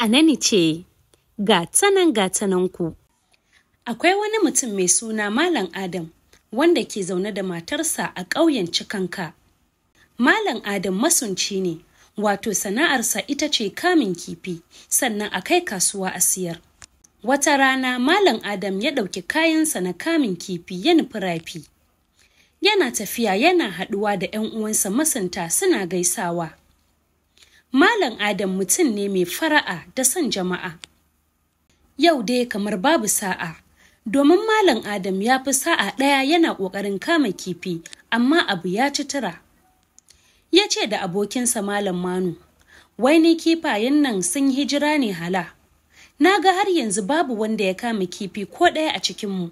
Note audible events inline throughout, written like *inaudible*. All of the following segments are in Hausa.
Anani ce, gatsanan ku Akwai wani mutum mai suna Malam Adam wanda ke zaune da matarsa a ƙauyen cikanka. Malam Adam masunci ne, wato sana'arsa ita ce kamin kifi, sannan a kai kasuwa a siyar. Wata rana Malam Adam ya ɗauki kayansa na kamin kifi ya nufi rafi. Yana tafiya yana haɗuwa da ‘yan uwansa masunta suna gaisawa. Malam Adam mutum ne mai fara'a da son jama'a. Yau dai kamar babu sa'a, domin Malam Adam ya fi sa'a ɗaya yana ƙoƙarin kama kifi, amma abu ya ci tura. Ya ce da abokinsa Malam Manu, wai ni kifayen nan sun hijira ne hala. Na ga har yanzu babu wanda ya kama kifi ko ɗaya a cikinmu.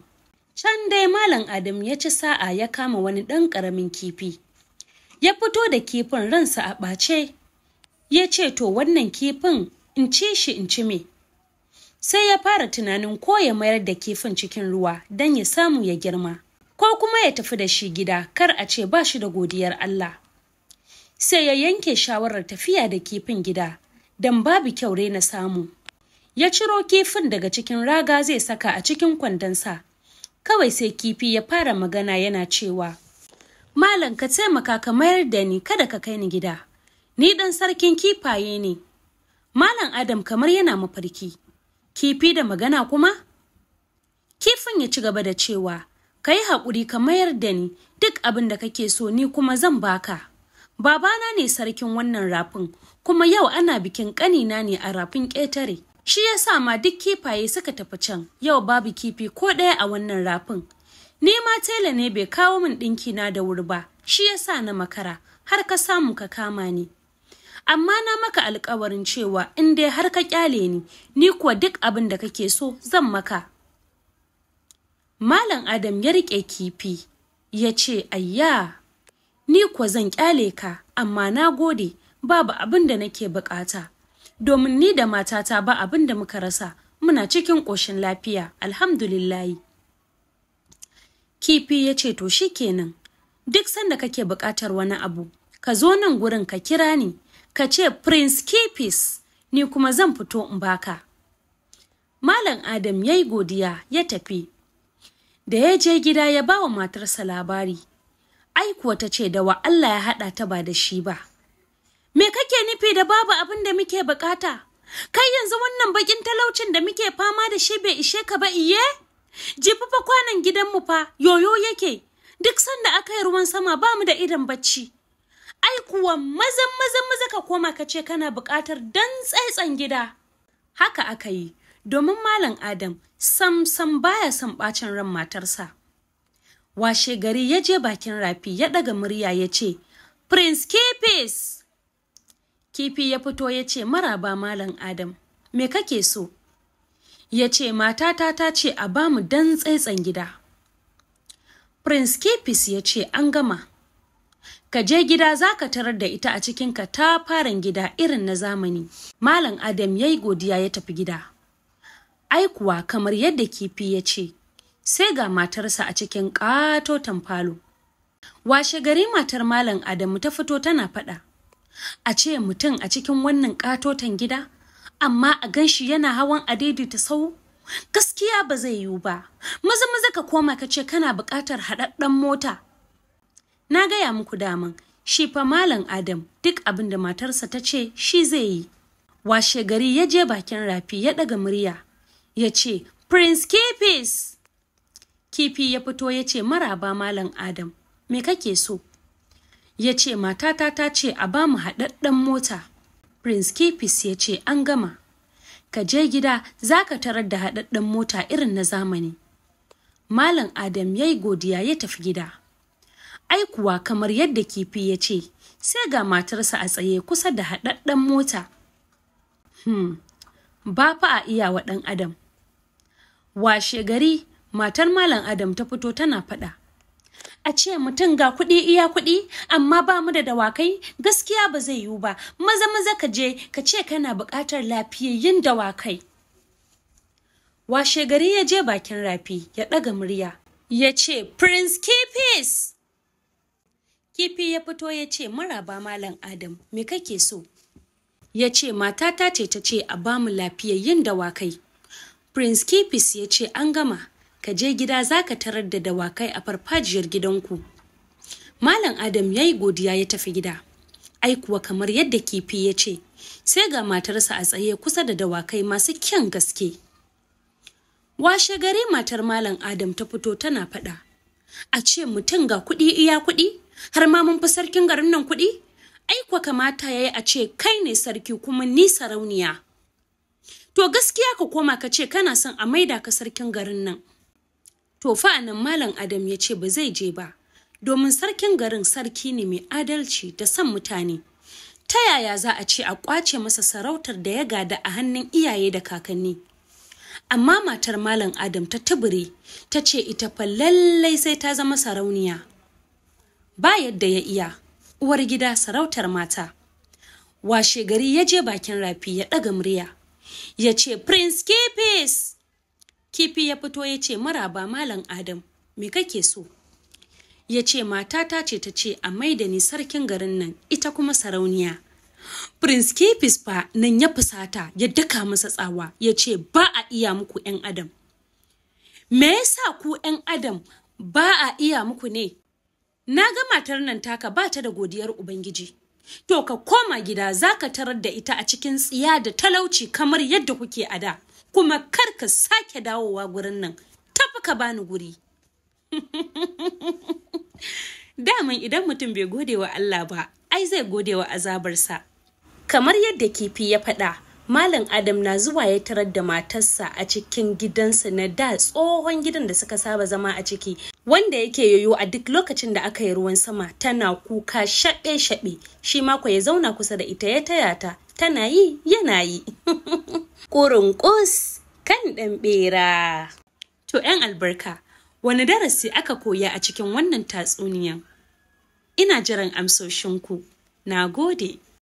Can dai Malam Adam ya ci sa'a ya kama wani ɗan ƙaramin kifi. Ya fito da kifin ransa a ɓace ya ce to wannan kifin in ci shi in ci me sai ya fara tunanin ko ya mayar da kifin cikin ruwa don ya samu ya girma ko kuma ya tafi da shi gida kar a ce ba shi da godiyar Allah sai ya yanke shawarar tafiya da kifin gida don babu kyaure na samu ya ciro kifin daga cikin raga zai saka a cikin kwandonsa kawai sai kifi ya fara magana yana cewa malam ka taimaka ka mayar da ni kada ka kai ni gida Ni ɗan sarkin kifaye ne. Malam Adam kamar yana mafarki. Kifi da magana kuma? Kifin ya ci gaba da cewa, ka yi haƙuri ka mayar da ni duk abin da kake so ni kuma zan baka. Babana ne sarkin wannan rafin, kuma yau ana bikin ƙanina ne a rafin ƙetare. Shi ya sa ma duk kifaye suka tafi can, yau babu kifi ko ɗaya a wannan rafin. Ni ma tela ne bai kawo min ɗinkina da wuri ba, shi ya sa na makara, har ka samu ka kama ni. amma na maka alkawarin cewa in dai har ka kyale ni ni kuwa duk abin da kake so zan maka malam adam ya rike kifi ya ce ayya ni kuwa zan kyale ka amma na gode babu abin da nake bukata domin ni da matata ba abin da muka rasa muna cikin ƙoshin lafiya alhamdulillahi kifi ya ce to shi kenan duk sanda kake buƙatar wani abu ka zo nan gurin ka kira ni ka ce prince kefis ni kuma zan fito in baka malam adam ya yi godiya ya tafi da ya je gida ya ba wa matarsa labari ai kuwa ta ce da wa allah ya haɗa ta ba da shi ba me kake nufi da babu abin da muke bukata kai yanzu wannan bakin talaucin da muke fama da shi bai ishe ka ba iye jifi fa kwanan gidanmu fa yoyo yake duk sanda aka yi ruwan sama ba mu da idan bacci ai kuwa mazan mazan maza ka koma ka ce kana buƙatar dan tsaitsan gida haka aka yi domin malam adam sam sam baya son bacin ran matarsa washe gari ya je bakin rafi ya ɗaga murya ya ce prince kipis kifi ya fito ya ce maraba malam adam me kake so ya ce matata ta ce a bamu dan tsaitsan gida prince kipis ya ce an gama ka je gida za ka tarar da ita a cikin katafaren gida irin na zamani. Malam Adam ya yi godiya ya tafi gida. Ai kamar yadda kifi ya ce, sai ga matarsa a cikin ƙatoton falo. Washe gari matar Malam Adam ta fito tana faɗa. A ce mutum a cikin wannan ƙatoton gida, amma a gan shi yana hawan a daidaita sau gaskiya ba zai yiwu ba maza maza ka koma ka ce kana buƙatar haɗaɗɗen mota Na gaya muku daman, shi fa Malam Adam duk abin da matarsa ta ce shi zai yi. Washe gari ya je bakin rafi ya daga murya, ya ce, Prince Kipis! Kifi ya fito ya ce maraba Malam Adam, me kake so? Ya ce matata ta ce a ba mu haɗaɗɗen mota. Prince Kipis ya ce an gama. Ka je gida za ka tarar da haɗaɗɗen mota irin na zamani. Malam Adam ya yi godiya ya tafi gida. Aikuwa kamar yadda kifi ya ce sai ga matarsa a tsaye kusa da haɗaɗɗen mota hmm ba fa a iya wa ɗan adam washe gari matar malam adam ta fito tana faɗa a ce mutum ga kuɗi iya kuɗi amma ba mu da dawakai gaskiya ba zai yiwu ba maza maza ka je ka ce kana buƙatar lafiyayyen dawakai washe gari ya je bakin rafi ya ɗaga murya ya ce prince kipis kifi ya fito ya ce maraba malam adam me kake so ya ce matata ce ta ce a bamu lafiyayyen dawakai prince kifis ya ce an gama ka je gida za ka tarar da dawakai a farfajiyar gidanku malam adam ya yi godiya ya tafi gida ai kuwa kamar yadda kifi ya ce sai ga matarsa a tsaye kusa da dawakai masu kyan gaske washe gare matar malam adam ta fito tana faɗa a ce mutum ga kuɗi iya kuɗi har ma mun fi sarkin garin nan kuɗi ai kuwa kamata yayi a ce kai ne sarki kuma ni sarauniya to gaskiya ka koma ka ce kana son a maida ka sarkin garin nan to fa nan malam adam ya ce ba zai je ba domin sarkin garin sarki ne mai adalci da son mutane ta yaya za a ce a kwace masa sarautar da ya gada a hannun iyaye da kakanni amma matar malam adam ta tubure ta ce ita fa lallai sai ta zama sarauniya ba yadda ya iya uwar gida sarautar mata washe gari ya je bakin rafi ya ɗaga murya ya ce prince kipis kifi ya fito ya ce maraba malam adam me kake so ya ce matata ce ta ce a mai da ni sarkin garin nan ita kuma sarauniya prince kipis fa nan ya fusata ya daka masa tsawa ya ce ba a iya muku 'yan adam me yasa ku 'yan adam ba a iya muku ne Na ga matar nan taka ba ta da godiyar Ubangiji. To ka koma gida za ka tarar da ita a cikin tsiya da talauci kamar yadda kuke a da, kuma kar ka sake dawowa gurin nan, tafi ka bani guri. *laughs* Daman idan mutum bai gode wa Allah ba, ai zai gode wa azabarsa. Kamar yadda kifi ya faɗa, Malam Adam na zuwa ya tarar da matarsa a cikin gidansa na da tsohon gidan da suka saba zama a ciki wanda yake yoyo a duk lokacin da aka yi ruwan sama tana kuka shaɓe-shaɓe shi mako ya zauna kusa da ita ya taya ta tana yi yana yi ƙos *laughs* kan ɗan ɓera to 'yan albarka wani darasi aka koya a cikin wannan tatsuniyan ina jiran amsoshinku na gode